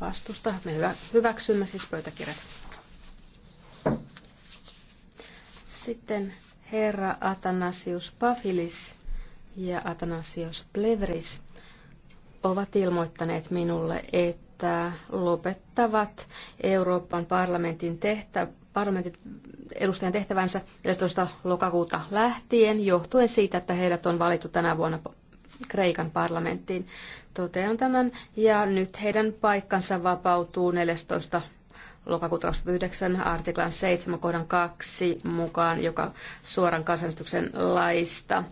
vastusta. Me hyvä, hyväksymme siis pöytäkirjat. Sitten herra Atanasius Pafilis ja Atanasius Plevris ovat ilmoittaneet minulle, että lopettavat Euroopan parlamentin tehtä, parlamentin edustajan tehtävänsä 14. lokakuuta lähtien johtuen siitä, että heidät on valittu tänä vuonna Kreikan parlamenttiin. Totean tämän ja nyt heidän paikkansa vapautuu 14 lokakuuta 2009 artiklan 7 kohdan 2 mukaan, joka suoran kansallistuksen laista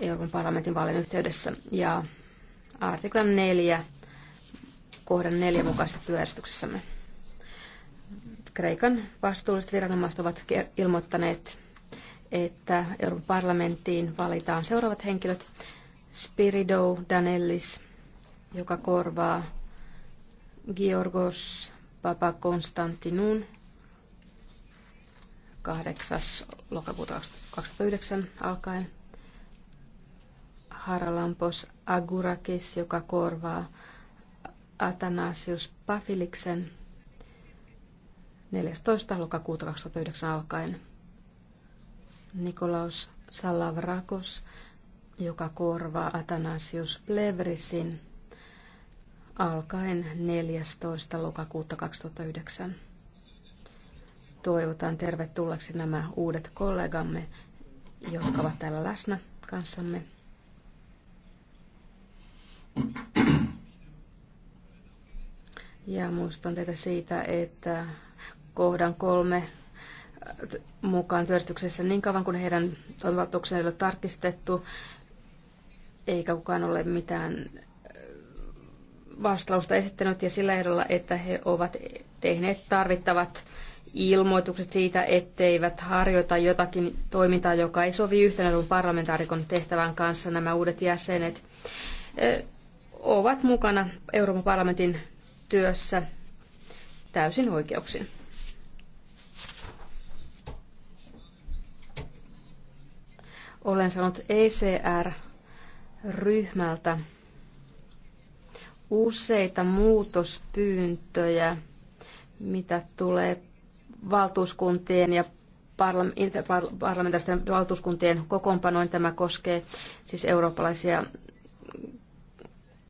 Euroopan parlamentin vaalien yhteydessä ja artiklan 4 kohdan 4 mukaisesti työjärjestyksessämme. Kreikan vastuulliset viranomaiset ovat ilmoittaneet että Euroopan parlamenttiin valitaan seuraavat henkilöt. Spiridou Danellis, joka korvaa Georgos Konstantinun 8. lokakuuta 2009 alkaen. Haralampos Agurakis, joka korvaa Atanasius Pafiliksen 14. lokakuuta 2009 alkaen. Nikolaus Salavrakos, joka korvaa Atanasius Plevrisin alkaen 14. lokakuuta 2009. Toivotan tervetulleeksi nämä uudet kollegamme, jotka ovat täällä läsnä kanssamme. Ja muistan teitä siitä, että kohdan kolme mukaan työstyksessä niin kauan kuin heidän toimivaltuuksensa ei ole tarkistettu, eikä kukaan ole mitään vastausta esittänyt ja sillä ehdolla, että he ovat tehneet tarvittavat ilmoitukset siitä, etteivät harjoita jotakin toimintaa, joka ei sovi yhtenä parlamentaarikon tehtävän kanssa nämä uudet jäsenet ovat mukana Euroopan parlamentin työssä täysin oikeuksin. Olen saanut ECR-ryhmältä useita muutospyyntöjä, mitä tulee valtuuskuntien ja parlamentaristen valtuuskuntien kokoonpanoin. Tämä koskee siis eurooppalaisia